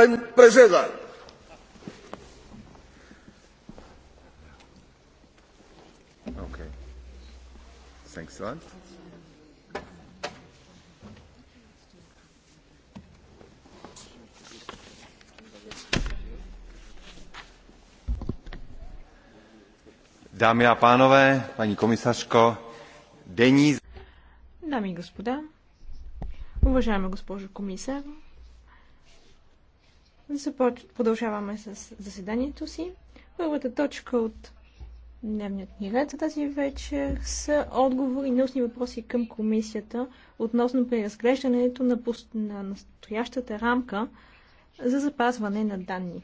Pan prezydent! Okay. Thanks a lot. Dámy a pánové, paní komisařko, denní... Dámy господа, Продължаваме с заседанието си. Първата точка от дневният ни ред за тази вечер са отговори на устни въпроси към комисията относно преразглеждането на, пост... на настоящата рамка за запазване на данни.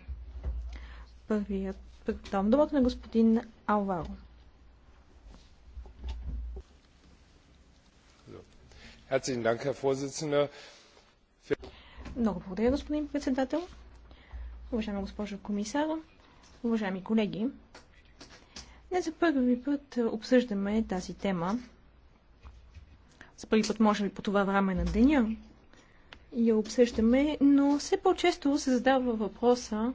Първият Предавам думата на господин Алваро. Много благодаря, господин председател уважаема госпожо комисар, уважаеми колеги. Днес за първи път обсъждаме тази тема. За първи път, може би, по това време на деня я обсъждаме, но все по-често се задава въпроса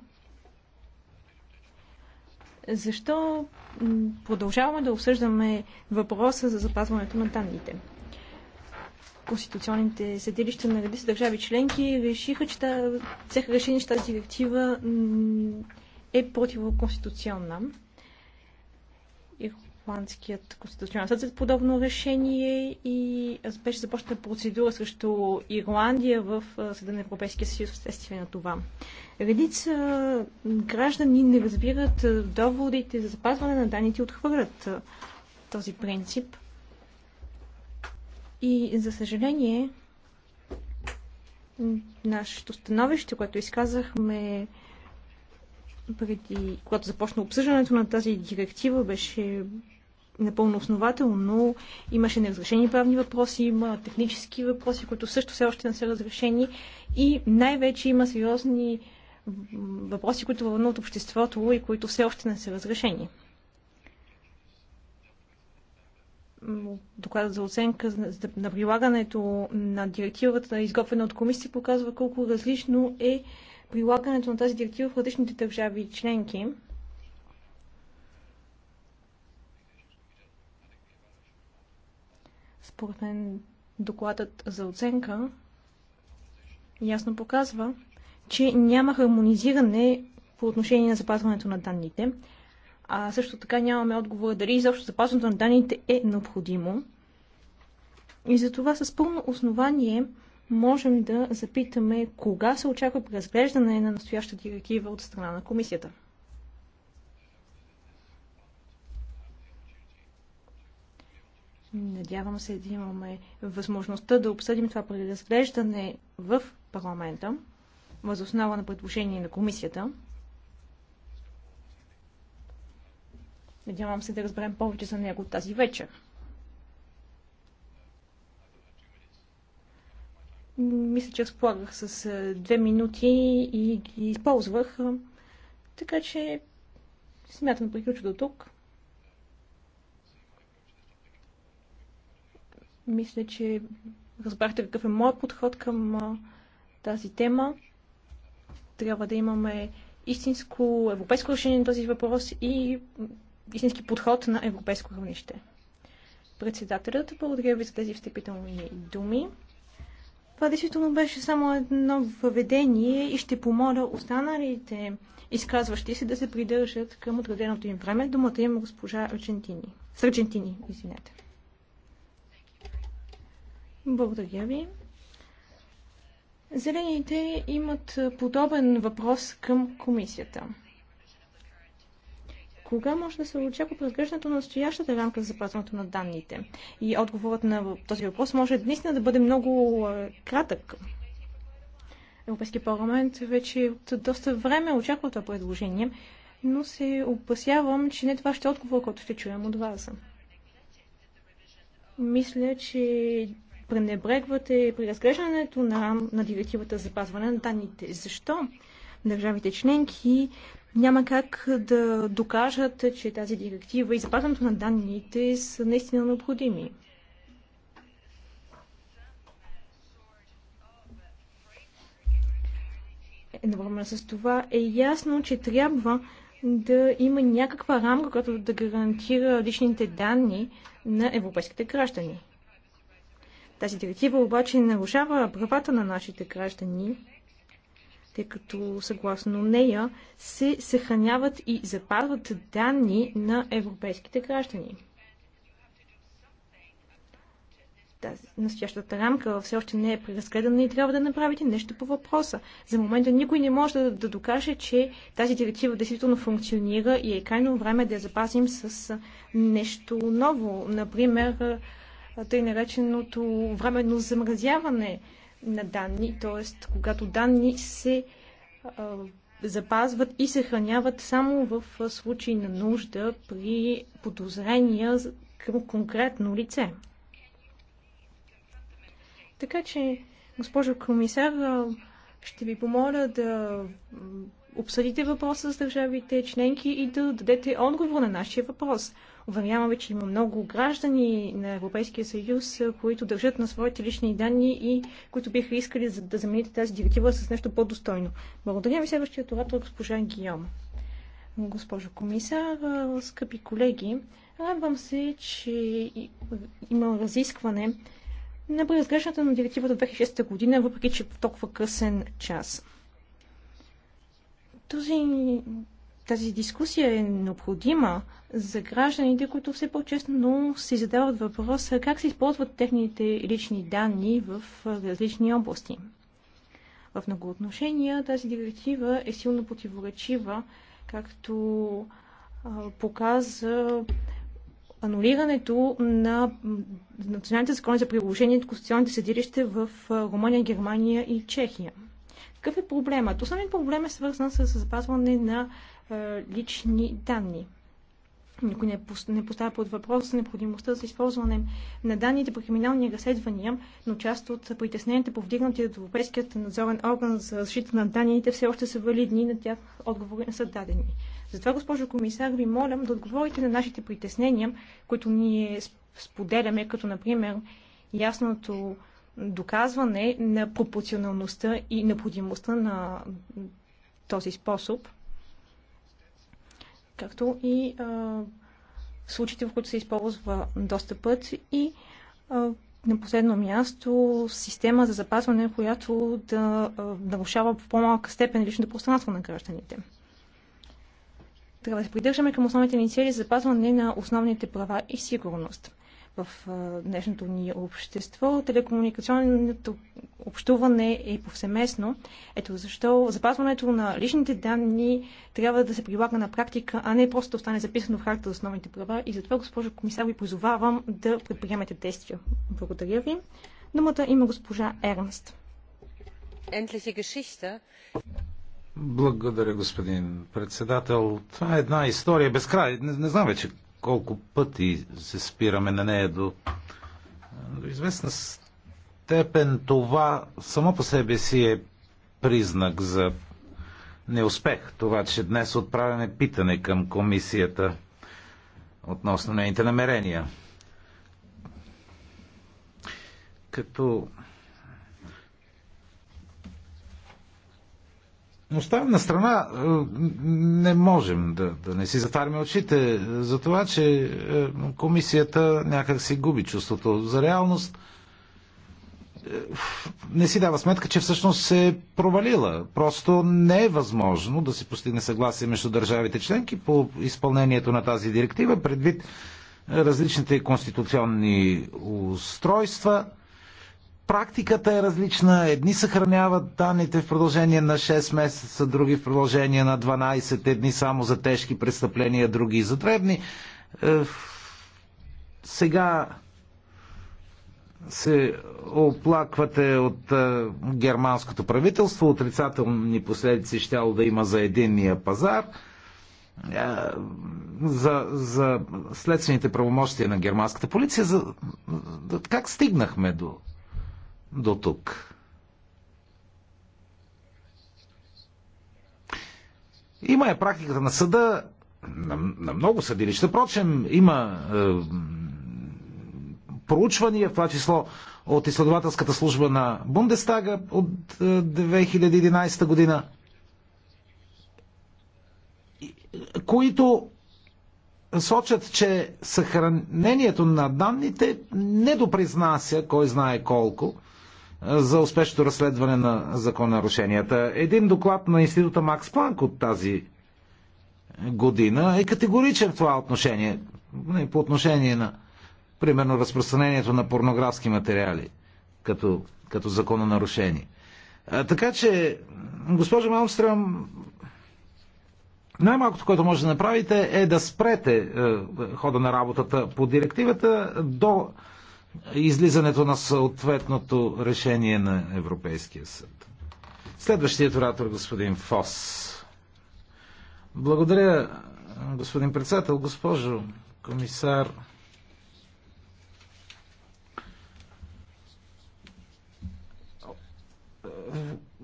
защо продължаваме да обсъждаме въпроса за запазването на данните конституционните съдилища на редица държави членки решиха, че та, взеха решение, че тази директива е противоконституционна. Ирландският конституционен съд за подобно решение и беше започната процедура срещу Ирландия в Съда на Европейския съюз вследствие на това. Редица граждани не разбират доводите за запазване на данните и отхвърлят този принцип – и за съжаление, нашето становище, което изказахме преди, когато започна обсъждането на тази директива, беше напълно основателно. Имаше неразрешени правни въпроси, има технически въпроси, които също все още не са разрешени. И най-вече има сериозни въпроси, които вълнуват обществото и които все още не са разрешени. Доклада за оценка на прилагането на директивата, изготвена от комисия, показва колко различно е прилагането на тази директива в различните държави и членки. Според мен докладът за оценка ясно показва, че няма хармонизиране по отношение на запазването на данните а също така нямаме отговора дали изобщо запазването на данните е необходимо. И за това с пълно основание можем да запитаме кога се очаква преразглеждане на настояща директива от страна на комисията. Надявам се да имаме възможността да обсъдим това преразглеждане в парламента, възоснова на предложение на комисията. Надявам се да разберем повече за него тази вечер. Мисля, че разполагах с е, две минути и ги използвах. Така че смятам да приключа до тук. Мисля, че разбрахте какъв е моят подход към е, тази тема. Трябва да имаме истинско европейско решение на този въпрос и истински подход на европейско равнище. Председателят, благодаря ви за тези встъпителни думи. Това действително беше само едно въведение и ще помоля останалите изказващи се да се придържат към отреденото им време. Думата има госпожа Аргентини. С Аргентини, извинете. Благодаря ви. Зелените имат подобен въпрос към комисията. Кога може да се очаква разглеждането на настоящата рамка за запазването на данните? И отговорът на този въпрос може наистина да бъде много кратък. Европейския парламент вече от доста време очаква това предложение, но се опасявам, че не това ще е отговор, който ще чуем от вас. Мисля, че пренебрегвате при разглеждането на, на директивата за запазване на данните. Защо държавите членки няма как да докажат, че тази директива и запазването на данните са наистина необходими. Едновременно с това е ясно, че трябва да има някаква рамка, която да гарантира личните данни на европейските граждани. Тази директива обаче нарушава правата на нашите граждани тъй като съгласно нея се съхраняват и запазват данни на европейските граждани. Тази настоящата рамка все още не е преразгледана и трябва да направите нещо по въпроса. За момента никой не може да, да докаже, че тази директива действително функционира и е крайно време да я запазим с нещо ново. Например, тъй нареченото временно замразяване на данни, т.е. когато данни се а, запазват и съхраняват само в случай на нужда при подозрения към конкретно лице. Така че, госпожо комисар, ще ви помоля да обсъдите въпроса с държавите членки и да дадете отговор на нашия въпрос. Уверяваме, че има много граждани на Европейския съюз, които държат на своите лични данни и които биха искали да замените тази директива с нещо по-достойно. Благодаря ви следващия оратор, госпожа Гиома. Госпожо комисар, скъпи колеги, радвам се, че има разискване на преразглеждането на директивата 2006 година, въпреки че в толкова късен час. Този тази дискусия е необходима за гражданите, които все по-честно си задават въпроса как се използват техните лични данни в различни области. В много отношения тази директива е силно противоречива, както показа анулирането на националните закони за приложение от конституционните съдилища в Румъния, Германия и Чехия. Какъв е проблемът? Основният проблем е свързан с запазване на е, лични данни. Никой не, е не поставя под въпрос необходимостта за използване на данните по криминални разследвания, но част от притесненията, повдигнати от Европейският надзорен орган за защита на данните, все още са валидни, и на тях отговори не са дадени. Затова, госпожо комисар, ви молям да отговорите на нашите притеснения, които ние споделяме, като, например, ясното доказване на пропорционалността и необходимостта на този способ, както и а, случаите, в които се използва достъпът и а, на последно място система за запазване, която да нарушава в по-малка степен личното пространство на гражданите. Трябва да се придържаме към основните ни цели за запазване на основните права и сигурност в днешното ни общество. Телекомуникационното общуване е повсеместно. Ето защо запазването на личните данни трябва да се прилага на практика, а не просто да остане записано в харта за основните права. И затова, госпожо комисар, ви призовавам да предприемете действия. Благодаря ви. Думата има госпожа Ернст. Благодаря, господин председател. Това е една история без край. Не, не знам вече колко пъти се спираме на нея до, до известна степен това само по себе си е признак за неуспех. Това, че днес отправяме питане към комисията относно нейните намерения. Като Оставим на страна, е, не можем да, да не си затваряме очите за това, че е, комисията някак си губи чувството за реалност. Е, не си дава сметка, че всъщност се е провалила. Просто не е възможно да се постигне съгласие между държавите членки по изпълнението на тази директива, предвид различните конституционни устройства – практиката е различна. Едни съхраняват данните в продължение на 6 месеца, други в продължение на 12, едни само за тежки престъпления, други за дребни. Е, сега се оплаквате от е, германското правителство, отрицателни последици щяло да има за единния пазар е, за, за следствените правомощия на германската полиция. За, как стигнахме до, до тук. Има е практиката на съда, на, на много съдилища. Впрочем, има е, проучвания, в това число от изследователската служба на Бундестага от 2011 е, година, които сочат, че съхранението на данните не допризнася, кой знае колко, за успешното разследване на закононарушенията. Един доклад на института Макс Планк от тази година е категоричен в това отношение. По отношение на, примерно, разпространението на порнографски материали като, като закононарушение. така че, госпожа Малмстрам, най-малкото, което може да направите е да спрете е, хода на работата по директивата до излизането на съответното решение на Европейския съд. Следващият оратор, господин Фос. Благодаря, господин председател, госпожо комисар.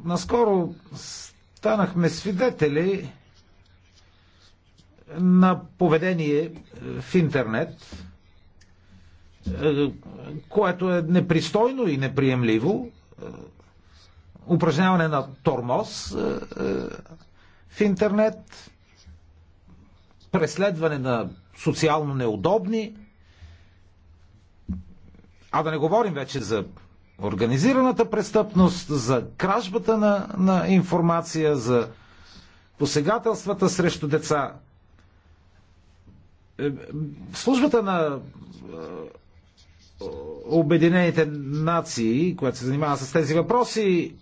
Наскоро станахме свидетели на поведение в интернет, което е непристойно и неприемливо, упражняване на тормоз е, е, в интернет, преследване на социално неудобни, а да не говорим вече за организираната престъпност, за кражбата на, на информация, за посегателствата срещу деца. Е, службата на Обединените нации, която се занимава с тези въпроси,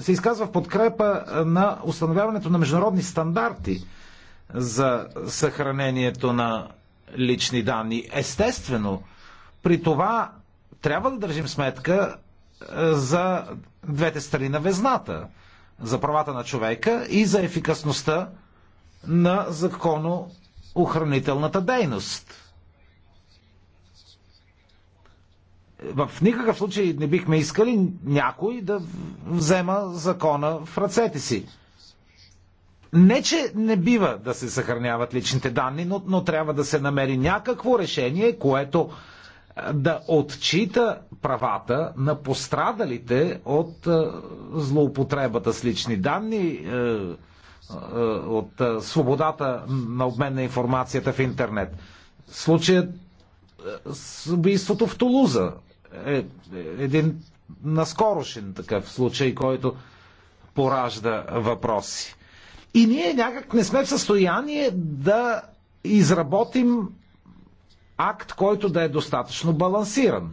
се изказва в подкрепа на установяването на международни стандарти за съхранението на лични данни. Естествено, при това трябва да държим сметка е, за двете страни на везната, за правата на човека и за ефикасността на законоохранителната дейност. в никакъв случай не бихме искали някой да взема закона в ръцете си. Не, че не бива да се съхраняват личните данни, но, но трябва да се намери някакво решение, което е, да отчита правата на пострадалите от е, злоупотребата с лични данни, е, е, от е, свободата на обмен на информацията в интернет. Случаят е, с убийството в Тулуза е, е, един наскорошен такъв случай, който поражда въпроси. И ние някак не сме в състояние да изработим акт, който да е достатъчно балансиран.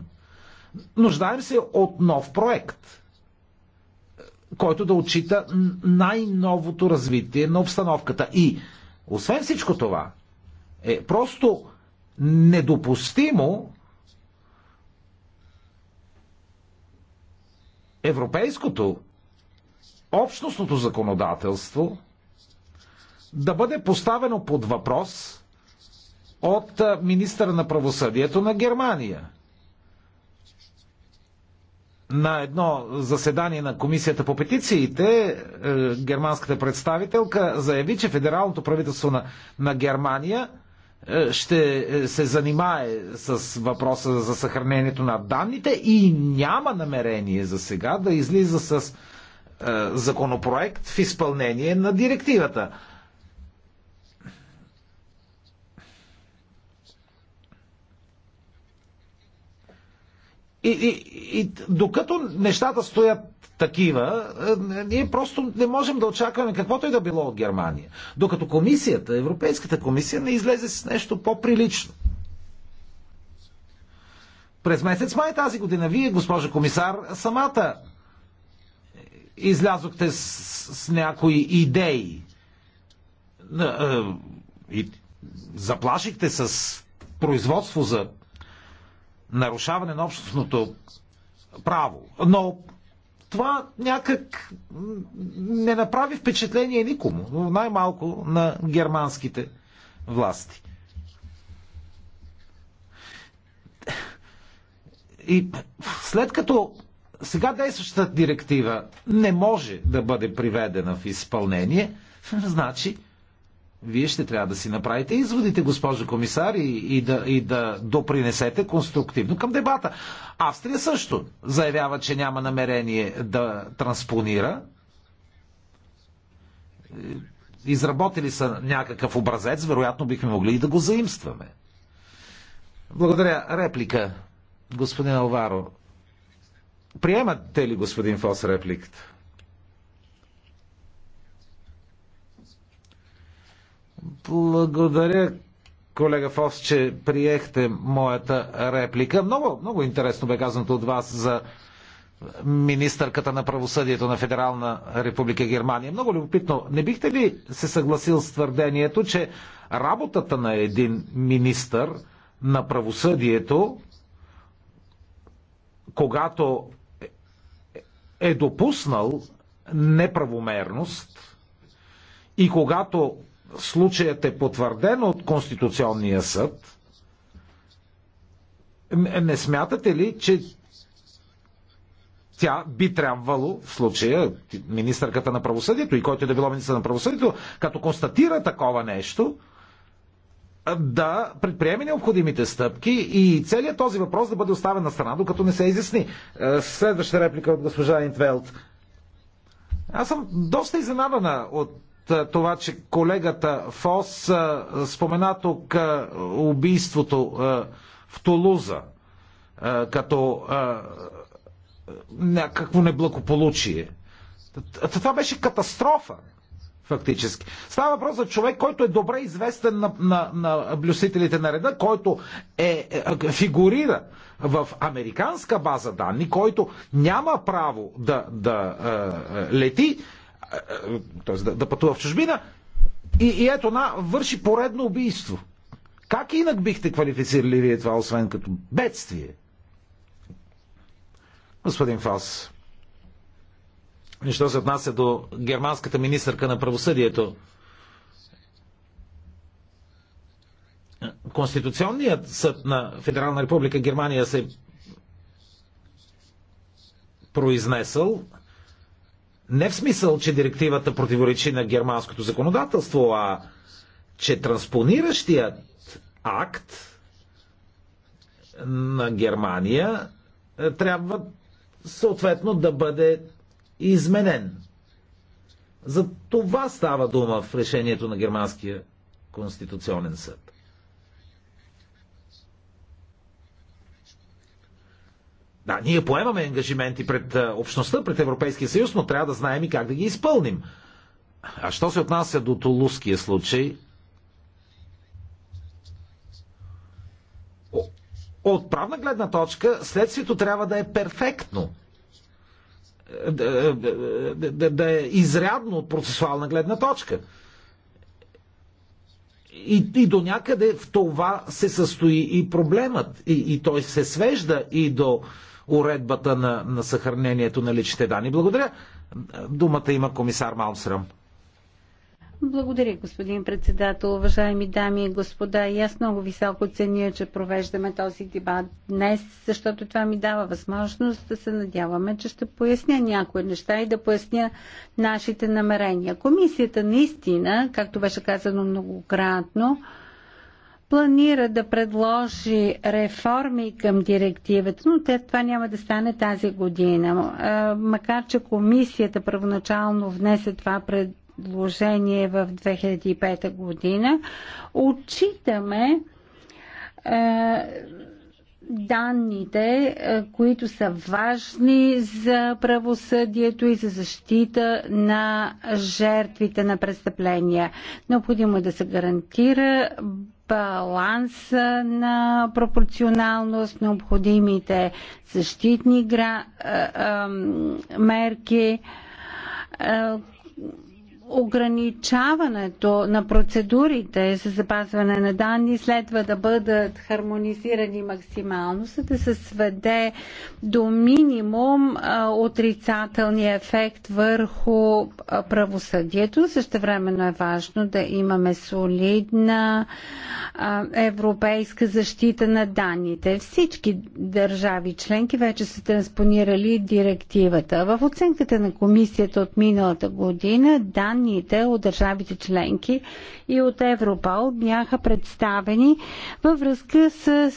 Нуждаем се от нов проект, който да отчита най-новото развитие на обстановката. И, освен всичко това, е просто недопустимо европейското общностното законодателство да бъде поставено под въпрос от министъра на правосъдието на Германия. На едно заседание на Комисията по петициите е, германската представителка заяви, че федералното правителство на, на Германия – е, ще е, се занимае с въпроса за съхранението на данните и няма намерение за сега да излиза с е, законопроект в изпълнение на директивата. И, и, и докато нещата стоят такива, е, ние просто не можем да очакваме каквото и е да било от Германия. Докато комисията, Европейската комисия не излезе с нещо по-прилично. През месец май тази година вие, госпожа комисар, самата излязохте с, с някои идеи. Е, и заплашихте с производство за нарушаване на общностното право. Но това някак не направи впечатление никому, но най-малко на германските власти. И след като сега действащата директива не може да бъде приведена в изпълнение, значи вие ще трябва да си направите изводите, госпожо комисар, и, и, да, и да допринесете конструктивно към дебата. Австрия също заявява, че няма намерение да транспонира. Изработили са някакъв образец, вероятно бихме могли и да го заимстваме. Благодаря. Реплика, господин Алваро. Приемате ли, господин Фос, репликата? Благодаря, колега Фос, че приехте моята реплика. Много, много интересно бе казаното от вас за министърката на правосъдието на Федерална република Германия. Много любопитно. Не бихте ли се съгласил с твърдението, че работата на един министър на правосъдието, когато е, е допуснал неправомерност и когато случаят е потвърден от Конституционния съд, не смятате ли, че тя би трябвало, в случая министърката на правосъдието и който е да било министър на правосъдието, като констатира такова нещо, да предприеме необходимите стъпки и целият този въпрос да бъде оставен на страна, докато не се изясни. Е, следваща реплика от госпожа Интвелт. Аз съм доста изненадана от това, че колегата Фос спомена тук убийството в Тулуза като някакво неблагополучие. Това беше катастрофа, фактически. Става въпрос за човек, който е добре известен на, на, на блюсителите на реда, който е, е, фигурира в американска база данни, който няма право да, да е, е лети т.е. Да, да пътува в чужбина. И, и ето на, върши поредно убийство. Как инак бихте квалифицирали вие това, освен като бедствие? Господин Фалс, нещо се отнася до германската министърка на правосъдието, Конституционният съд на Федерална република Германия се произнесъл не в смисъл, че директивата противоречи на германското законодателство, а че транспониращият акт на Германия е, трябва съответно да бъде изменен. За това става дума в решението на Германския конституционен съд. Да, ние поемаме ангажименти пред общността, пред Европейския съюз, но трябва да знаем и как да ги изпълним. А що се отнася до Тулуския случай, от правна гледна точка следствието трябва да е перфектно. Е, да, е, е, да, да е изрядно от процесуална гледна точка. И, и до някъде в това се състои и проблемът. И, и той се свежда и до уредбата на, на съхранението на личните данни. Благодаря. Думата има комисар Малмсръм. Благодаря, господин председател. Уважаеми дами и господа, и аз много високо ценя, че провеждаме този дебат днес, защото това ми дава възможност да се надяваме, че ще поясня някои неща и да поясня нашите намерения. Комисията наистина, както беше казано многократно, планира да предложи реформи към директивата, но те, това няма да стане тази година. Макар, че комисията първоначално внесе това предложение в 2005 година, отчитаме данните, е, които са важни за правосъдието и за защита на жертвите на престъпления. Необходимо е да се гарантира баланс е, на пропорционалност, необходимите защитни гра... Е, мерки, ограничаването на процедурите за запазване на данни следва да бъдат хармонизирани максимално, за да се сведе до минимум отрицателния ефект върху правосъдието. времено е важно да имаме солидна европейска защита на данните. Всички държави членки вече са транспонирали директивата. В оценката на комисията от миналата година данни данните от държавите членки и от Европол бяха представени във връзка с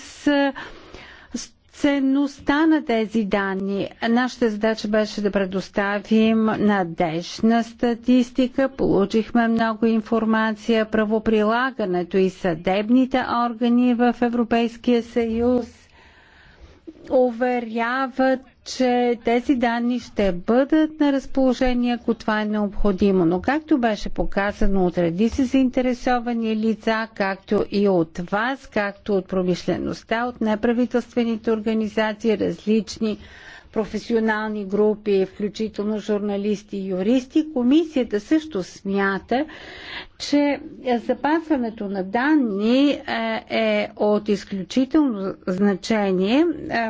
ценността на тези данни. Нашата задача беше да предоставим надежна статистика. Получихме много информация. Правоприлагането и съдебните органи в Европейския съюз уверяват че тези данни ще бъдат на разположение, ако това е необходимо. Но както беше показано от се заинтересовани лица, както и от вас, както от промишлеността, от неправителствените организации, различни професионални групи, включително журналисти и юристи. Комисията също смята, че запазването на данни е, е от изключително значение,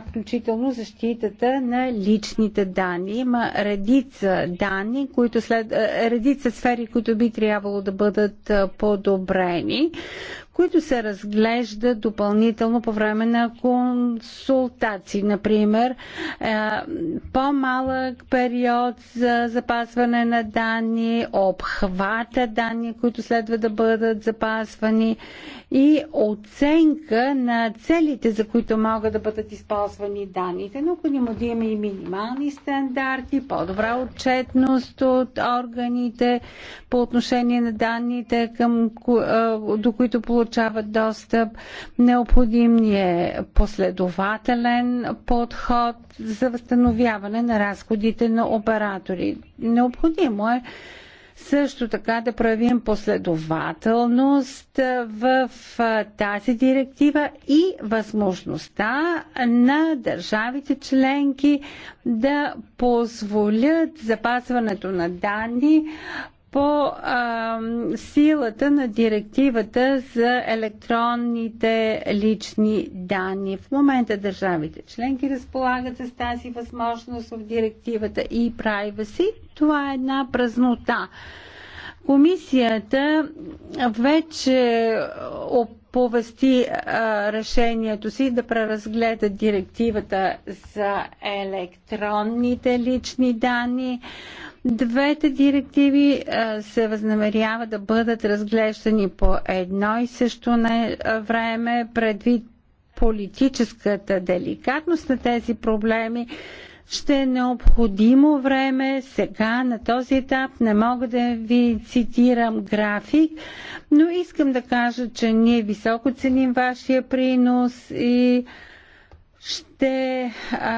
включително защитата на личните данни. Има редица данни, които след, редица сфери, които би трябвало да бъдат подобрени които се разглеждат допълнително по време на консултации. Например, е, по-малък период за запасване на данни, обхвата данни, които следва да бъдат запазвани и оценка на целите, за които могат да бъдат използвани данните. Необходимо да имаме и минимални стандарти, по-добра отчетност от органите по отношение на данните, към, до които получават достъп. Необходим ни е последователен подход за възстановяване на разходите на оператори. Необходимо е също така да проявим последователност в тази директива и възможността на държавите членки да позволят запазването на данни по а, силата на директивата за електронните лични данни. В момента държавите членки разполагат с тази възможност в директивата и privacy. Това е една празнота. Комисията вече оповести а, решението си да преразгледа директивата за електронните лични данни. Двете директиви е, се възнамерява да бъдат разглеждани по едно и също е, време предвид политическата деликатност на тези проблеми ще е необходимо време. Сега на този етап не мога да ви цитирам график, но искам да кажа, че ние високо ценим вашия принос и ще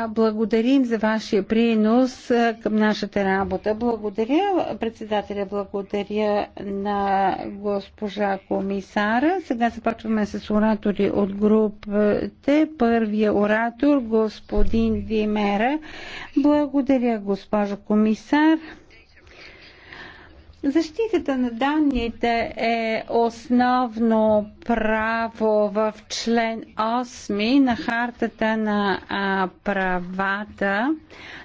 благодарим за вашия принос към нашата работа. Благодаря, председателя, благодаря на госпожа комисара. Сега започваме с оратори от групите. Първия оратор, господин Димера. Благодаря, госпожо комисар. Защитата на данните е основно право в член 8 на хартата на а, правата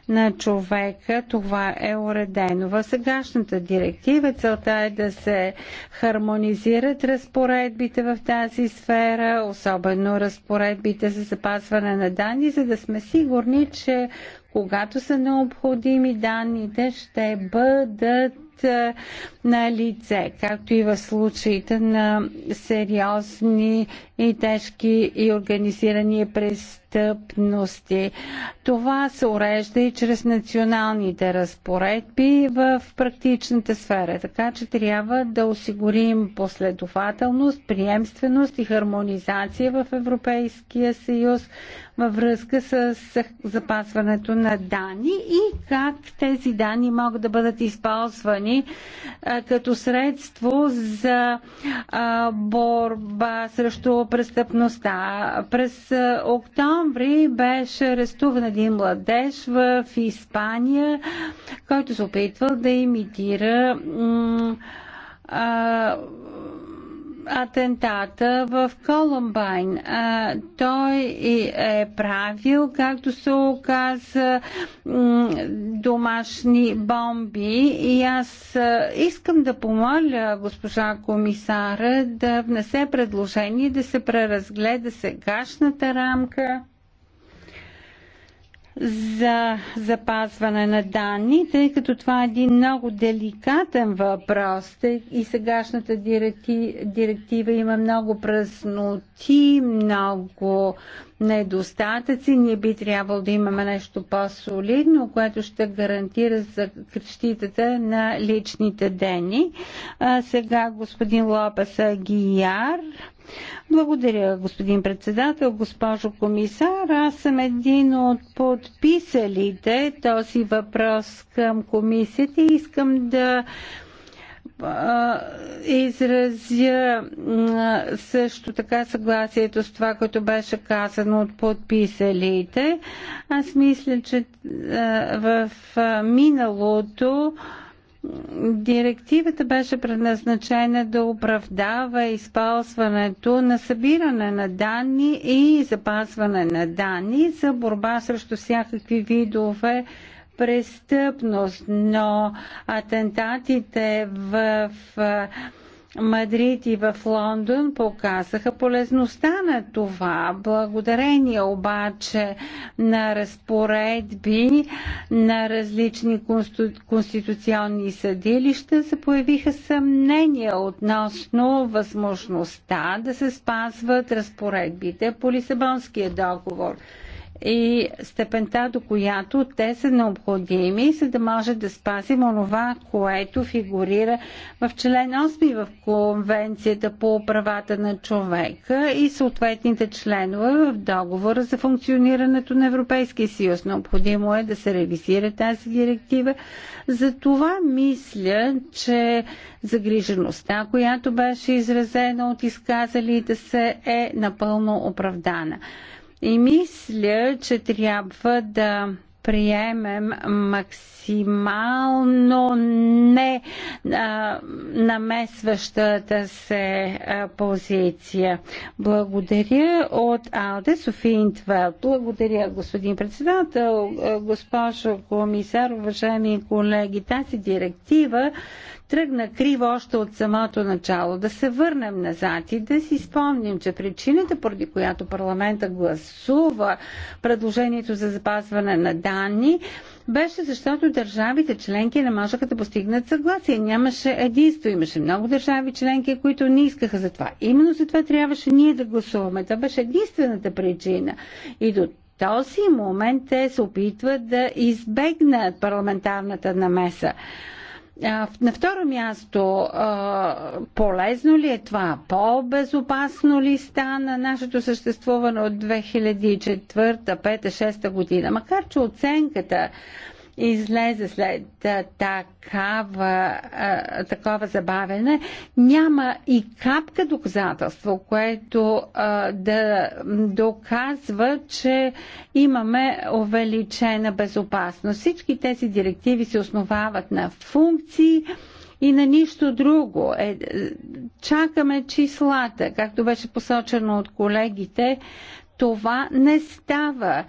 на човека. Това е уредено. В сегашната директива целта е да се хармонизират разпоредбите в тази сфера, особено разпоредбите за запазване на данни, за да сме сигурни, че когато са необходими данните, ще бъдат на лице, както и в случаите на сериозни и тежки и организирани престъпления престъпности. Това се урежда и чрез националните разпоредби в практичната сфера, така че трябва да осигурим последователност, приемственост и хармонизация в Европейския съюз във връзка с запасването на данни и как тези данни могат да бъдат използвани а, като средство за а, борба срещу престъпността. През октомври октомври беше арестуван един младеж в Испания, който се опитвал да имитира атентата в Колумбайн. той е правил, както се оказа, домашни бомби и аз искам да помоля госпожа комисара да внесе предложение да се преразгледа сегашната рамка за запазване на данни, тъй като това е един много деликатен въпрос и сегашната директива има много празноти, много недостатъци. Ние би трябвало да имаме нещо по-солидно, което ще гарантира защитата на личните дени. сега господин Лопес Агияр благодаря, господин председател, госпожо комисар. Аз съм един от подписалите този въпрос към комисията и искам да изразя също така съгласието с това, което беше казано от подписалите. Аз мисля, че в миналото Директивата беше предназначена да оправдава използването на събиране на данни и запазване на данни за борба срещу всякакви видове престъпност, но атентатите в, в Мадрид и в Лондон показаха полезността на това. Благодарение обаче на разпоредби на различни конституционни съдилища се появиха съмнения относно възможността да се спазват разпоредбите по Лисабонския договор и степента, до която те са необходими, за да може да спазим онова, което фигурира в член 8 в Конвенцията по правата на човека и съответните членове в договора за функционирането на Европейския съюз. Необходимо е да се ревизира тази директива. За това мисля, че загрижеността, която беше изразена от изказалите се, е напълно оправдана. И мисля, че трябва да приемем максимално не а, намесващата се а, позиция. Благодаря от Алде Софин Твел. Благодаря, господин председател, госпожо комисар, уважаеми колеги. Тази директива тръгна криво още от самото начало. Да се върнем назад и да си спомним, че причината, поради която парламента гласува предложението за запазване на данни, беше защото държавите членки не можеха да постигнат съгласие. Нямаше единство. Имаше много държави членки, които не искаха за това. Именно за това трябваше ние да гласуваме. Това беше единствената причина. И до този момент те се опитват да избегнат парламентарната намеса. На второ място, полезно ли е това? По-безопасно ли стана нашето съществуване от 2004, 2005, 2006 година? Макар, че оценката излезе след такава, такова забавене, няма и капка доказателство, което да доказва, че имаме увеличена безопасност. Всички тези директиви се основават на функции, и на нищо друго. Е, чакаме числата, както беше посочено от колегите. Това не става.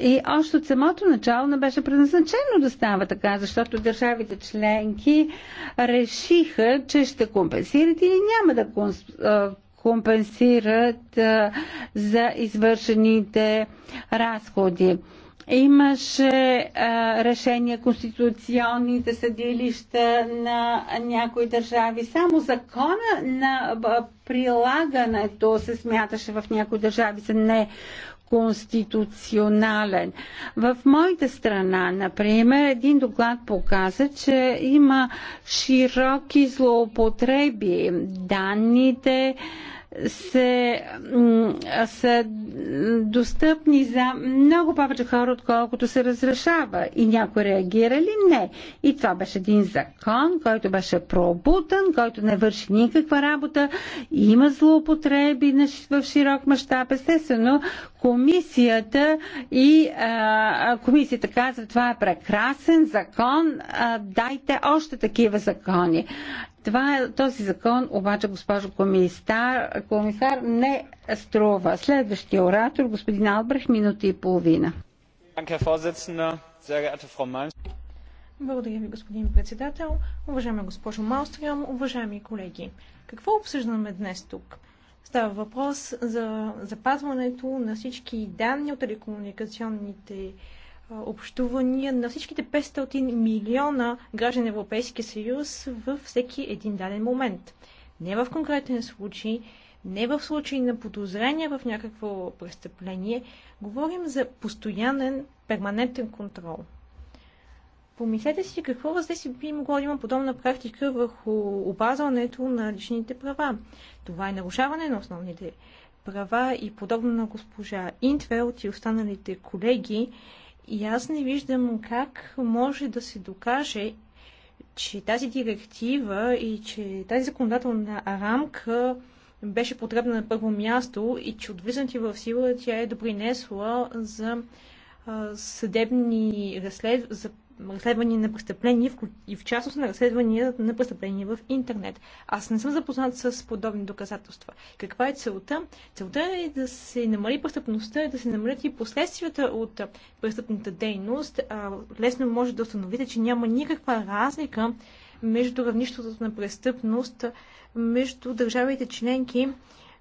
И още от самото начало не беше предназначено да става така, защото държавите членки решиха, че ще компенсират или няма да компенсират за извършените разходи. Имаше а, решения конституционните съдилища на някои държави. Само закона на прилагането се смяташе в някои държави за не конституционален. В моята страна, например, един доклад показа, че има широки злоупотреби. Данните, се, са достъпни за много повече хора, отколкото се разрешава. И някой реагира ли? Не. И това беше един закон, който беше пробутан, който не върши никаква работа. Има злоупотреби в широк мащаб. Естествено, комисията и а, комисията казва, това е прекрасен закон, а, дайте още такива закони. Това е, този закон обаче, госпожо комисар, комисар не струва. Следващия оратор, господин Албрех, минута и половина. Благодаря ви, господин председател. Уважаема госпожо Малстрям, уважаеми колеги. Какво обсъждаме днес тук? Става въпрос за запазването на всички данни от телекомуникационните общувания на всичките 500 милиона граждани на Европейския съюз във всеки един даден момент. Не в конкретен случай, не в случай на подозрение в някакво престъпление, говорим за постоянен, перманентен контрол. Помислете си какво въздействие би могло да има подобна практика върху опазването на личните права. Това е нарушаване на основните права и подобно на госпожа Интвелт и останалите колеги, и аз не виждам как може да се докаже, че тази директива и че тази законодателна рамка беше потребна на първо място и че от влизането в сила тя е допринесла за съдебни разследвания, разследвания на престъпления и в частност на разследвания на престъпления в интернет. Аз не съм запознат с подобни доказателства. Каква е целта? Целта е да се намали престъпността, да се намалят и последствията от престъпната дейност. Лесно може да установите, че няма никаква разлика между равнището на престъпност между държавите членки,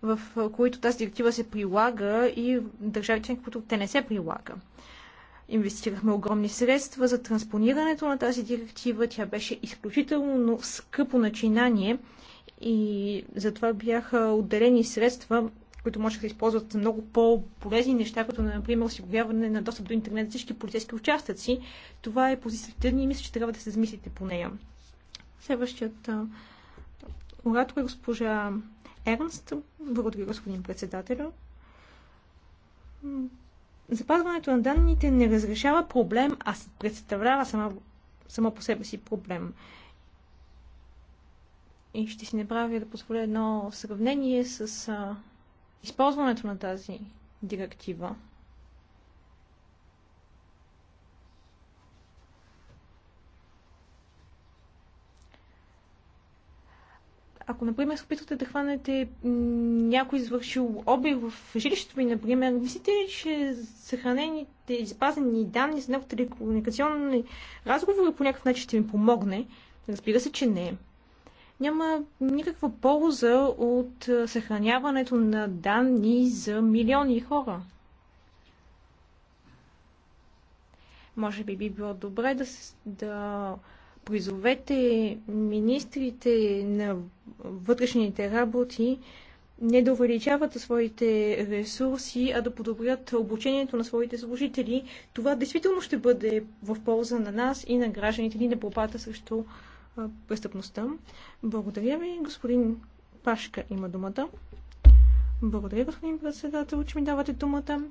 в които тази директива се прилага и държавите членки, които те не се прилага. Инвестирахме огромни средства за транспонирането на тази директива. Тя беше изключително скъпо начинание и затова бяха отделени средства, които може да се използват за много по-полезни неща, като например осигуряване на достъп до интернет за всички полицейски участъци. Това е позицията ни и мисля, че трябва да се замислите по нея. Следващият оратор е госпожа Ернст. Благодаря, господин председател запазването на данните не разрешава проблем, а представлява само, само по себе си проблем. И ще си направя да позволя едно сравнение с а, използването на тази директива. Ако, например, се опитвате да хванете някой извършил обир в жилището ми, например, мислите ли, че съхранените и запазени данни за някои телекомуникационни разговори по някакъв начин ще ми помогне? Разбира се, че не. Няма никаква полза от съхраняването на данни за милиони хора. Може би би било добре да, да призовете министрите на вътрешните работи не да увеличават своите ресурси, а да подобрят обучението на своите служители. Това действително ще бъде в полза на нас и на гражданите ни на попата срещу престъпността. Благодаря ви, господин Пашка има думата. Благодаря, господин председател, че ми давате думата.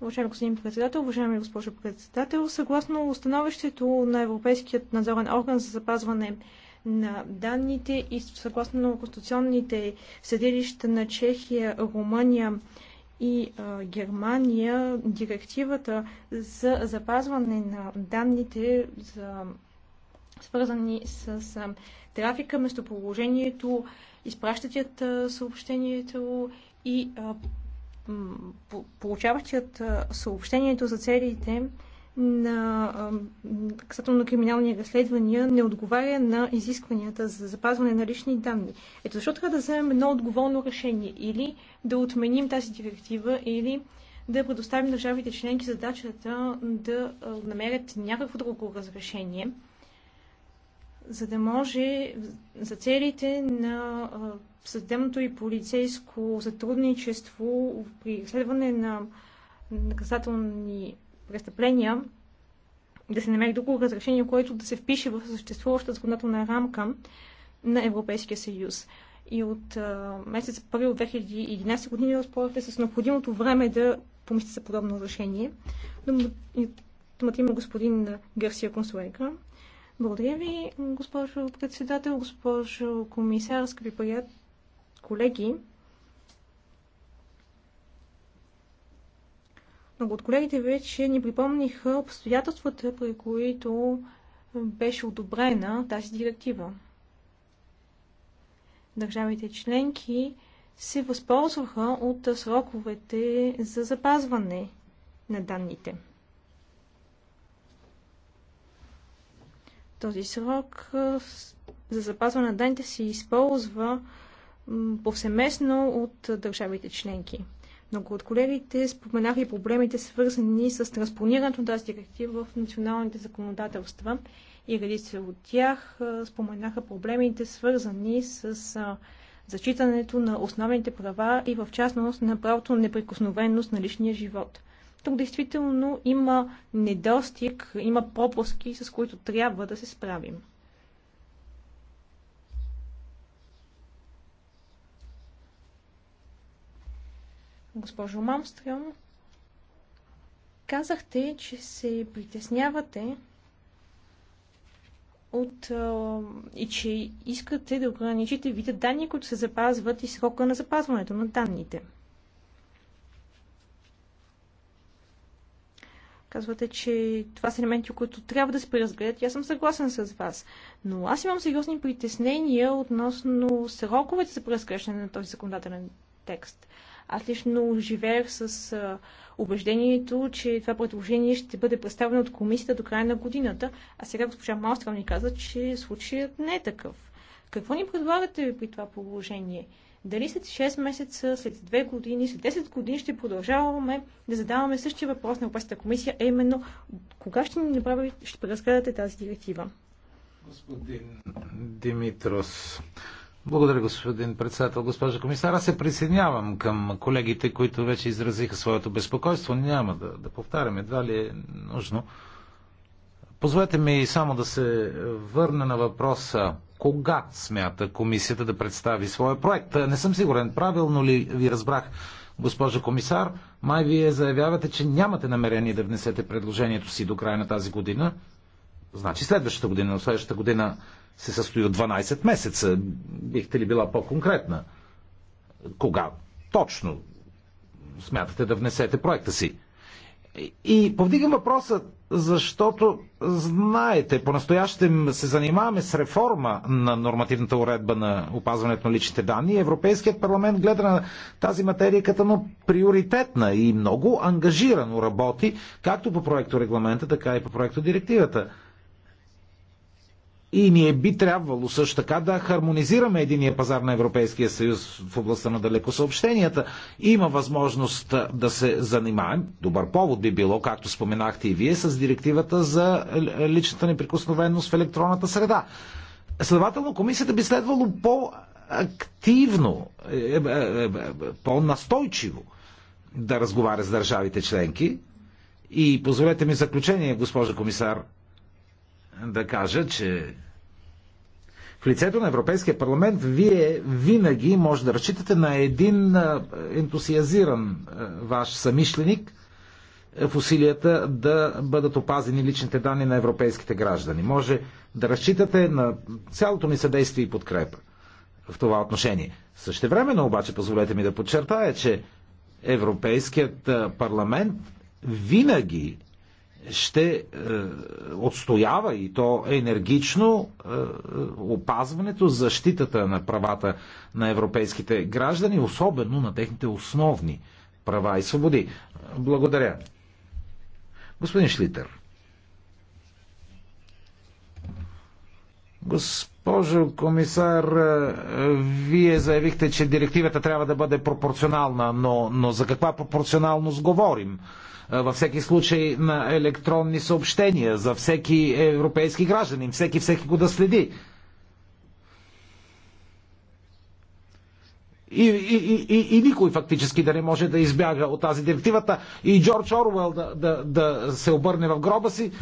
Уважаеми господин председател, уважаеми госпожо председател, съгласно установището на Европейският надзорен орган за запазване на данните и съгласно конституционните съдилища на Чехия, Румъния и а, Германия, директивата за запазване на данните за свързани с, трафика, местоположението, изпращатият съобщението и а, получаващият съобщението за целите на касателно криминални разследвания не отговаря на изискванията за запазване на лични данни. Ето защо трябва да вземем едно отговорно решение или да отменим тази директива, или да предоставим държавите членки задачата да намерят някакво друго разрешение за да може за целите на съдебното и полицейско сътрудничество при следване на наказателни престъпления да се намери друго разрешение, което да се впише в съществуващата законодателна рамка на Европейския съюз. И от а, месец април 2011 година разполагате с необходимото време да помислите за подобно решение. Думата има господин Гарсия Консуега. Благодаря ви, госпожо председател, госпожо комисар, скъпи прият... колеги. Много от колегите вече ни припомниха обстоятелствата, при които беше одобрена тази директива. Държавите членки се възползваха от сроковете за запазване на данните. Този срок за запазване на данните се използва повсеместно от държавите членки. Много от колегите споменаха и проблемите, свързани с транспонирането на тази директива в националните законодателства и редица от тях споменаха проблемите, свързани с зачитането на основните права и в частност на правото на неприкосновеност на личния живот. Тук действително има недостиг, има пропуски, с които трябва да се справим. Госпожо Мамстрем, казахте, че се притеснявате от, а, и че искате да ограничите вида данни, които се запазват и срока на запазването на данните. Казвате, че това са елементи, които трябва да се преразгледат. Аз съм съгласен с вас. Но аз имам сериозни притеснения относно сроковете за преразглеждане на този законодателен текст. Аз лично живеех с а, убеждението, че това предложение ще бъде представено от комисията до края на годината, а сега госпожа Малстра ми каза, че случаят не е такъв. Какво ни предлагате при това положение? Дали след 6 месеца, след 2 години, след 10 години ще продължаваме да задаваме същия въпрос на Европейската комисия, а именно кога ще ни направи, ще преразгледате тази директива? Господин Димитрос, благодаря, господин председател. Госпожа комисар, аз се присъединявам към колегите, които вече изразиха своето безпокойство. Няма да, да повтаряме, едва ли е нужно. Позволете ми само да се върна на въпроса кога смята комисията да представи своя проект? Не съм сигурен, правилно ли ви разбрах, госпожа комисар. Май вие заявявате, че нямате намерение да внесете предложението си до края на тази година. Значи следващата година, но следващата година се състои от 12 месеца. Бихте ли била по-конкретна? Кога точно смятате да внесете проекта си? И повдигам въпроса, защото знаете, по-настоящем се занимаваме с реформа на нормативната уредба на опазването на личните данни. Европейският парламент гледа на тази материя като на приоритетна и много ангажирано работи, както по проекто регламента, така и по проекто директивата. И ние би трябвало също така да хармонизираме единия пазар на Европейския съюз в областта на далекосъобщенията. Има възможност да се занимаем, добър повод би било, както споменахте и вие, с директивата за личната неприкосновеност в електронната среда. Следователно, комисията би следвало по-активно, е, е, е, по-настойчиво да разговаря с държавите членки. И позволете ми заключение, госпожа комисар, да кажа, че лицето на Европейския парламент вие винаги може да разчитате на един ентусиазиран ваш самишленик в усилията да бъдат опазени личните данни на европейските граждани. Може да разчитате на цялото ни съдействие и подкрепа в това отношение. Същевременно обаче позволете ми да подчертая, че Европейският парламент винаги ще е, отстоява и то енергично е, опазването, защитата на правата на европейските граждани, особено на техните основни права и свободи. Благодаря. Господин Шлитер. Господин Госпожо комисар, е, вие заявихте, че директивата трябва да бъде пропорционална, но, но за каква пропорционалност говорим? Е, във всеки случай на електронни съобщения, за всеки европейски гражданин, всеки всеки го да следи. И, и, и, и, и никой фактически да не може да избяга от тази директивата. И Джордж Орвел да, да, да се обърне в гроба си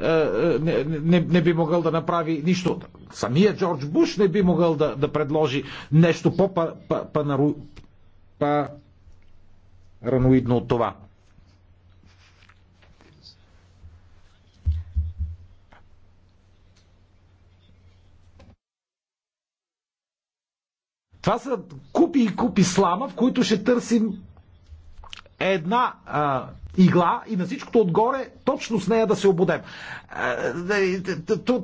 е, е, не, не, не би могъл да направи нищо. Самия Джордж Буш не би могъл да, да предложи нещо по-параноидно от това. Това са купи и купи слама, в които ще търсим една а, игла и на всичкото отгоре точно с нея да се ободем. Е,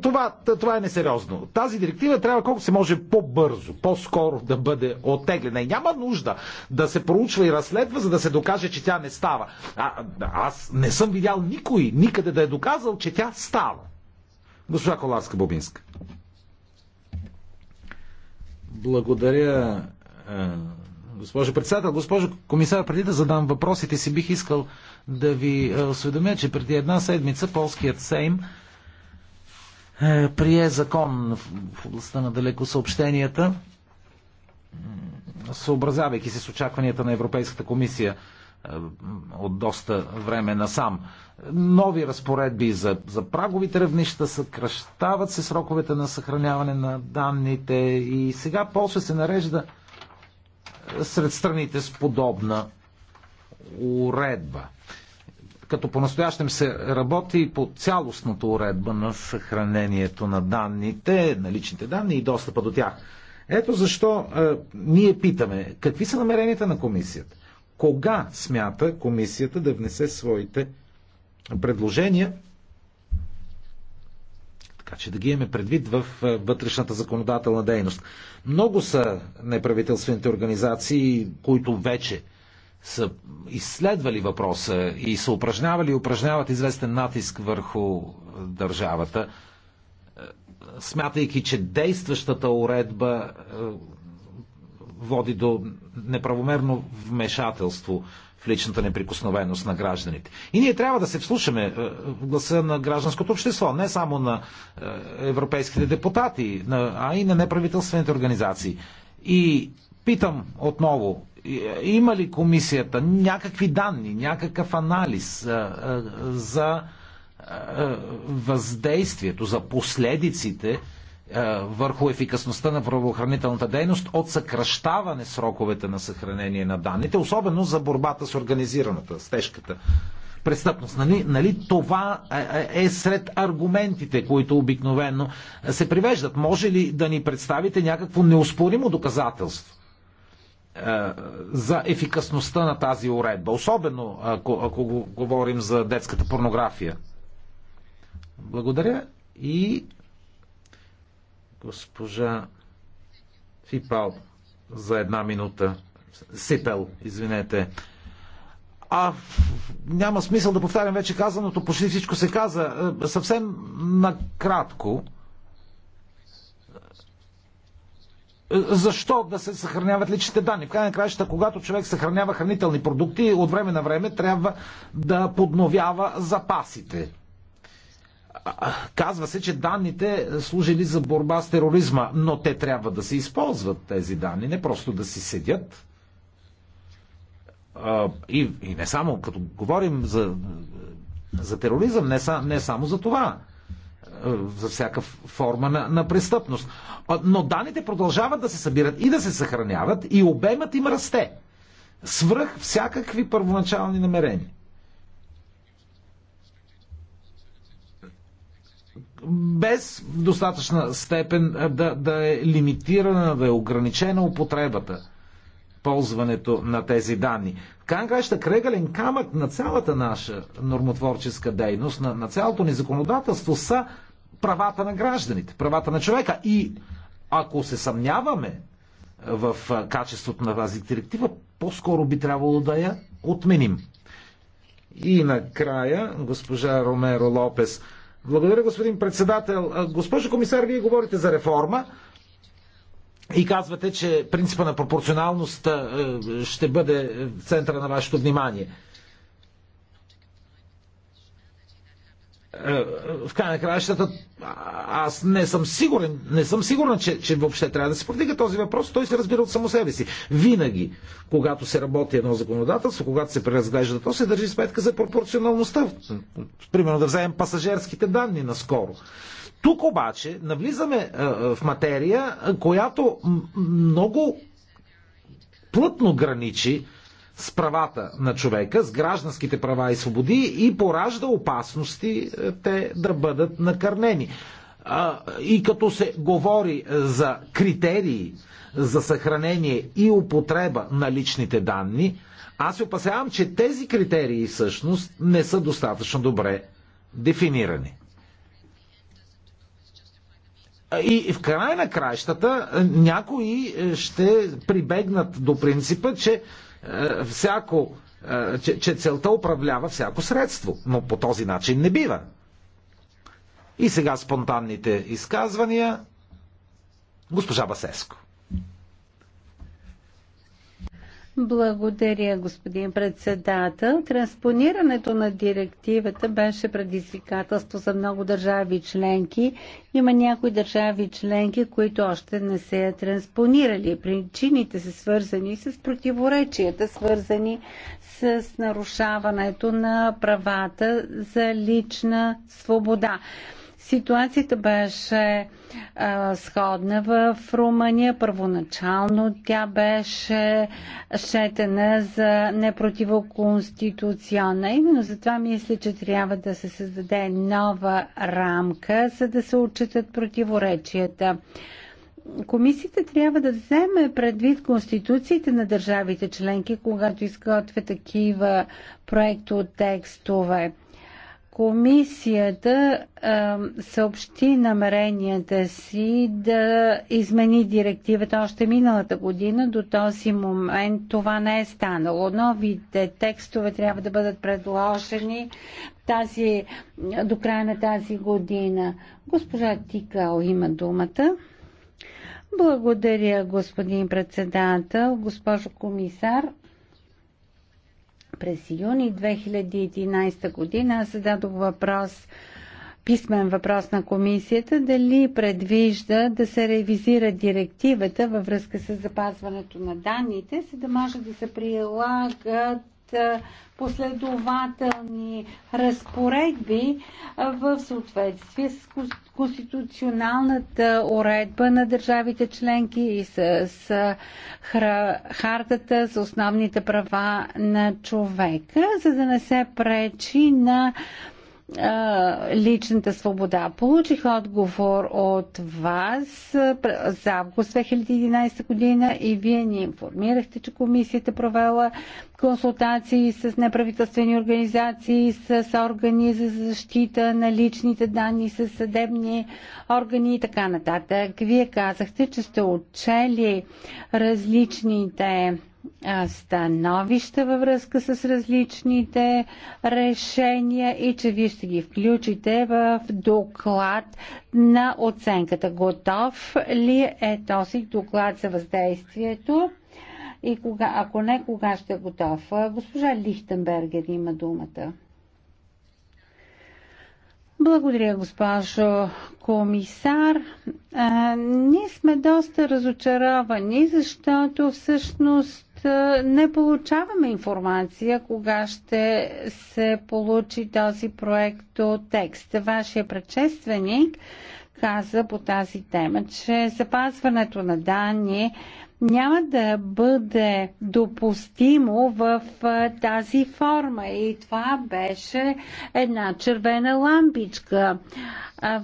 това, това е несериозно. Тази директива трябва колко се може по-бързо, по-скоро да бъде оттеглена. И няма нужда да се проучва и разследва, за да се докаже, че тя не става. А, аз не съм видял никой, никъде да е доказал, че тя става. Госпожа Коларска-Бобинска. Благодаря, е, госпожо председател. Госпожо комисар, преди да задам въпросите си, бих искал да ви е, осведомя, че преди една седмица полският Сейм е, прие закон в областта на далекосъобщенията, съобразявайки се с очакванията на Европейската комисия е, от доста време насам. Нови разпоредби за, за праговите равнища съкръщават се сроковете на съхраняване на данните и сега Польша се нарежда сред страните с подобна уредба. Като по-настоящем се работи по цялостната уредба на съхранението на данните, на личните данни и достъпа до тях. Ето защо е, ние питаме, какви са намеренията на комисията? Кога смята комисията да внесе своите предложения, така че да ги имаме предвид в е, вътрешната законодателна дейност. Много са неправителствените организации, които вече са изследвали въпроса и са упражнявали и упражняват известен натиск върху е, държавата, е, смятайки, че действащата уредба е, води до неправомерно вмешателство в личната неприкосновеност на гражданите. И ние трябва да се вслушаме в гласа на гражданското общество, не само на европейските депутати, а и на неправителствените организации. И питам отново, има ли комисията някакви данни, някакъв анализ за въздействието, за последиците върху ефикасността на правоохранителната дейност от съкръщаване сроковете на съхранение на данните, особено за борбата с организираната, с тежката престъпност. Нали, нали това е сред аргументите, които обикновено се привеждат. Може ли да ни представите някакво неоспоримо доказателство? Е, за ефикасността на тази уредба, особено ако, ако говорим за детската порнография. Благодаря и госпожа Фипал за една минута. Сипел, извинете. А няма смисъл да повтарям вече казаното, почти всичко се каза. Е, съвсем накратко. защо да се съхраняват личните данни? В крайна краща, когато човек съхранява хранителни продукти, от време на време трябва да подновява запасите. Казва се, че данните служили за борба с тероризма, но те трябва да се използват тези данни, не просто да си седят. И, и не само, като говорим за, за тероризъм, не, не само за това е, за всяка форма на, на престъпност. Но данните продължават да се събират и да се съхраняват и обемът им расте. Свръх всякакви първоначални намерения. без в достатъчна степен е, да, да е лимитирана, да е ограничена употребата, ползването на тези данни. В крайна крегален камък на цялата наша нормотворческа дейност, на, на цялото ни законодателство са правата на гражданите, правата на човека. И ако се съмняваме в качеството на тази директива, по-скоро би трябвало да я отменим. И накрая, госпожа Ромеро Лопес. Благодаря, господин председател. Госпожо комисар, вие говорите за реформа и казвате, че принципа на пропорционалност ще бъде в центъра на вашето внимание. Е, в край на краищата аз не съм сигурен, не съм сигурен, че, че въобще трябва да се повдига този въпрос. Той се разбира от само себе си. Винаги, когато се работи едно законодателство, когато се преразглежда, то се държи сметка за пропорционалността. Примерно да вземем пасажирските данни наскоро. Тук обаче навлизаме е, в материя, която много плътно граничи с правата на човека, с гражданските права и свободи и поражда опасности е, те да бъдат накърнени. И като се говори за критерии за съхранение и употреба на личните данни, аз се опасявам, че тези критерии всъщност не са достатъчно добре дефинирани. И в край на краищата е, някои е, ще прибегнат до принципа, че е, всяко, е, че, че целта управлява всяко средство, но по този начин не бива. И сега спонтанните изказвания. Госпожа Басеско. Благодаря, господин председател. Транспонирането на директивата беше предизвикателство за много държави членки. Има някои държави членки, които още не се е транспонирали. Причините са свързани с противоречията, свързани с нарушаването на правата за лична свобода. Ситуацията беше а, сходна в Румъния. Първоначално тя беше шетена за непротивоконституционна. Именно затова мисля, че трябва да се създаде нова рамка, за да се отчитат противоречията. Комисията трябва да вземе предвид конституциите на държавите членки, когато изготвя такива проекто текстове. Комисията а, съобщи намеренията си да измени директивата още миналата година. До този момент това не е станало. Новите текстове трябва да бъдат предложени тази, до края на тази година. Госпожа Тикал има думата. Благодаря, господин председател, госпожо комисар. През юни 2011 година аз зададох въпрос писмен въпрос на комисията дали предвижда да се ревизира директивата във връзка с запазването на данните, за да може да се прилагат последователни разпоредби в съответствие с конституционалната уредба на държавите членки и с хартата за основните права на човека, за да не се пречи на личната свобода. Получих отговор от вас за август 2011 година и вие ни информирахте, че комисията провела консултации с неправителствени организации, с органи за защита на личните данни, с съдебни органи и така нататък. Вие казахте, че сте отчели различните становища във връзка с различните решения и че вие ще ги включите в доклад на оценката. Готов ли е този доклад за въздействието? И кога, ако не, кога ще е готов? Госпожа Лихтенбергер има думата. Благодаря, госпожо комисар. А, ние сме доста разочаровани, защото всъщност е, не получаваме информация кога ще се получи този проект от текст. Вашия предшественик каза по тази тема, че запазването на данни няма да бъде допустимо в тази форма. И това беше една червена лампичка.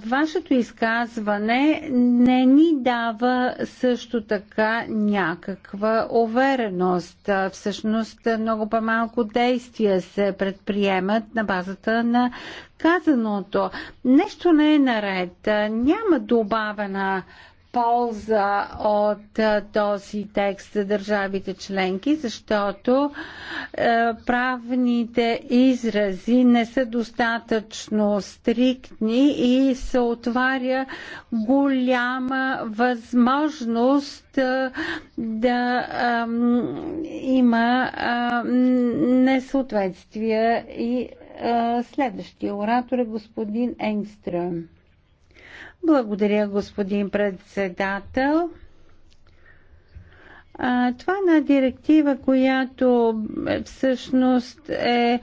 Вашето изказване не ни дава също така някаква увереност. Всъщност много по-малко действия се предприемат на базата на казаното. Нещо не е наред. Няма добавена полза от този текст за държавите членки, защото е, правните изрази не са достатъчно стриктни и се отваря голяма възможност е, да е, има несъответствия и Следващия оратор е господин Енгстрем. Благодаря, господин председател. Това е една директива, която е, всъщност е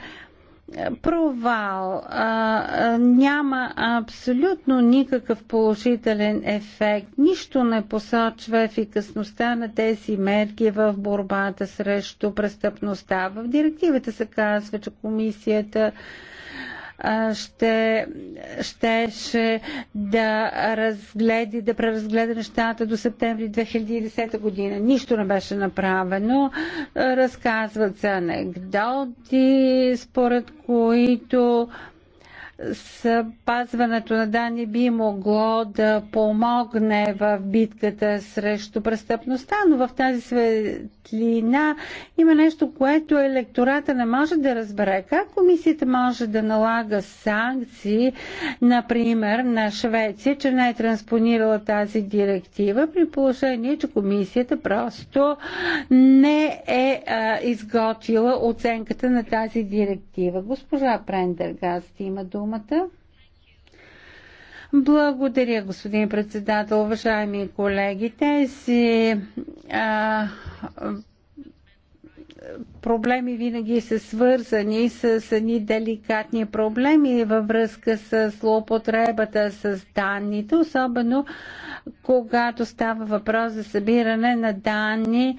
провал. А, няма абсолютно никакъв положителен ефект. Нищо не посочва ефикасността на тези мерки в борбата срещу престъпността. В директивата се казва, че комисията ще, щеше да разгледи, да преразгледа нещата до септември 2010 година. Нищо не беше направено. Разказват се анекдоти, според които Спазването на данни би могло да помогне в битката срещу престъпността, но в тази светлина има нещо, което електората не може да разбере. Как комисията може да налага санкции, например, на Швеция, че не е транспонирала тази директива, при положение, че комисията просто не е а, изготвила оценката на тази директива. Госпожа Прендергаст има дума думата. Благодаря, господин председател, уважаеми колеги. Тези а, проблеми винаги са свързани с едни деликатни проблеми във връзка с злоупотребата с данните, особено когато става въпрос за събиране на данни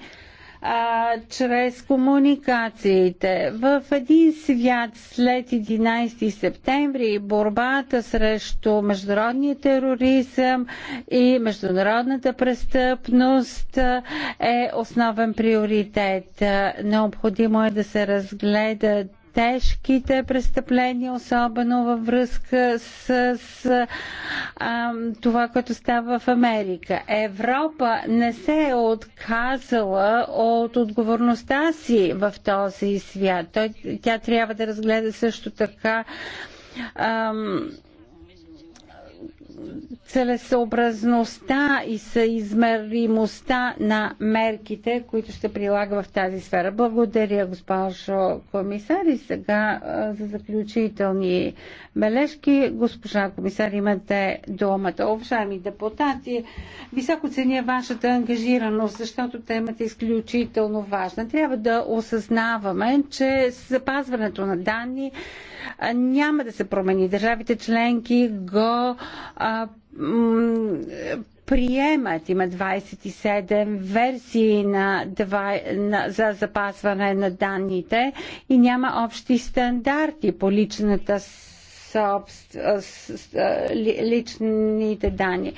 а, чрез комуникациите. В един свят след 11 септември борбата срещу международния тероризъм и международната престъпност е основен приоритет. Необходимо е да се разгледат тежките престъпления, особено във връзка с, с а, това, което става в Америка. Европа не се е отказала от отговорността си в този свят. Той, тя трябва да разгледа също така целесообразността и съизмеримостта на мерките, които ще прилага в тази сфера. Благодаря, госпожо комисар. И сега за заключителни бележки, госпожа комисар, имате думата. Уважаеми депутати, високо ценя вашата ангажираност, защото темата е изключително важна. Трябва да осъзнаваме, че запазването на данни няма да се промени. Държавите членки го а, приемат. Има 27 версии на, на, за запазване на данните и няма общи стандарти по личната Собст личните данни.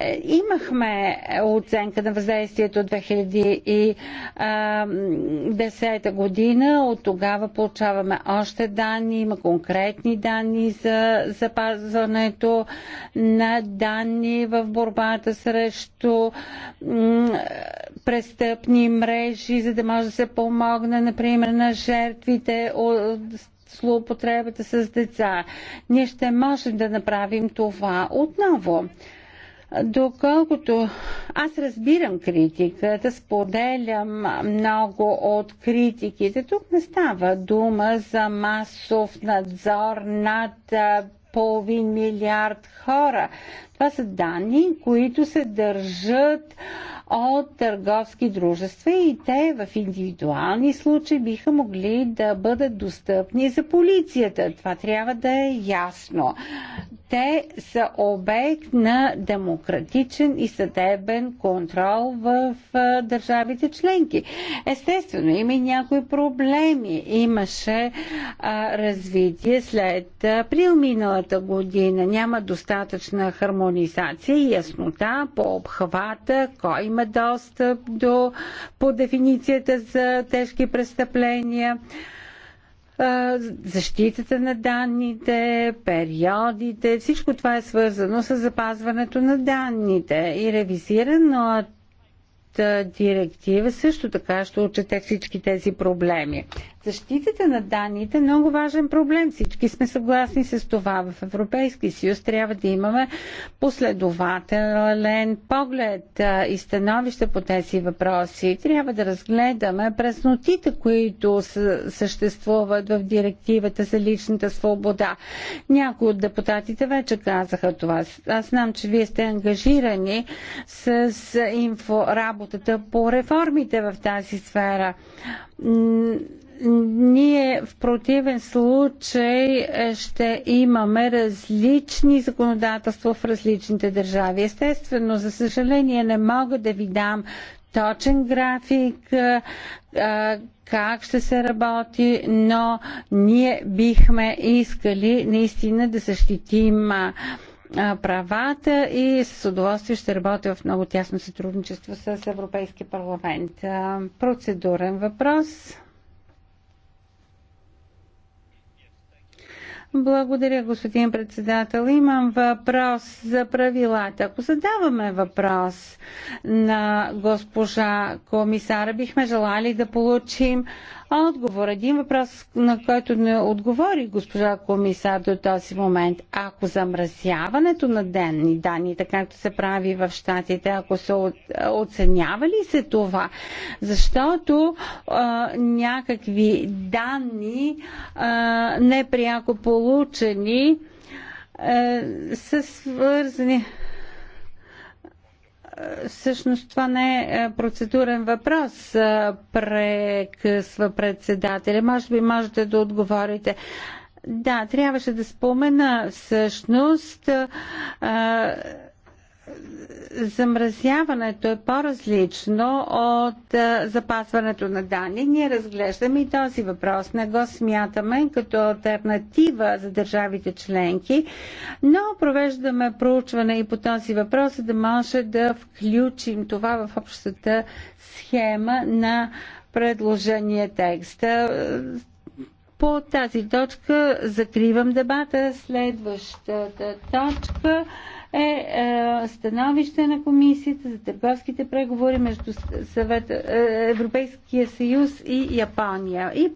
Е, имахме оценка на въздействието 2010 година. От тогава получаваме още данни, има конкретни данни за запазването на данни в борбата срещу престъпни мрежи, за да може да се помогне, например, на жертвите от злоупотребата с деца. Ние ще можем да направим това отново. Доколкото аз разбирам критиката, споделям много от критиките. Тук не става дума за масов надзор над половин милиард хора. Това са данни, които се държат от търговски дружества и те в индивидуални случаи биха могли да бъдат достъпни за полицията. Това трябва да е ясно те са обект на демократичен и съдебен контрол в държавите членки. Естествено, има и някои проблеми. Имаше а, развитие след април миналата година. Няма достатъчна хармонизация и яснота по обхвата, кой има достъп до по дефиницията за тежки престъпления защитата на данните, периодите, всичко това е свързано с запазването на данните и ревизирано директива също така ще отчете всички тези проблеми. Защитата на данните е много важен проблем. Всички сме съгласни с това. В Европейски съюз трябва да имаме последователен поглед и становище по тези въпроси. Трябва да разгледаме преснотите, които съществуват в директивата за личната свобода. Някои от депутатите вече казаха това. Аз знам, че вие сте ангажирани с работата по реформите в тази сфера ние в противен случай е, ще имаме различни законодателства в различните държави. Естествено, за съжаление не мога да ви дам точен график, е, е, как ще се работи, но ние бихме искали наистина да защитим правата и с удоволствие ще работя в много тясно сътрудничество с Европейския парламент. Процедурен въпрос. Благодаря, господин председател. Имам въпрос за правилата. Ако задаваме въпрос на госпожа комисара, бихме желали да получим отговор. Един въпрос, на който не отговори госпожа комисар до този момент. Ако замразяването на денни данни, така както се прави в щатите, ако се оценява ли се това, защото а, някакви данни а, непряко получени а, са свързани всъщност това не е, е процедурен въпрос, е, прекъсва председателя. Може би можете да отговорите. Да, трябваше да спомена всъщност. А, е, замразяването е по-различно от запасването на данни. Ние разглеждаме и този въпрос. Не го смятаме като альтернатива за държавите членки, но провеждаме проучване и по този въпрос, за да може да включим това в общата схема на предложения текст. По тази точка закривам дебата. Следващата точка е, е становище на комисията за търговските преговори между съвета, е, Европейския съюз и Япония. И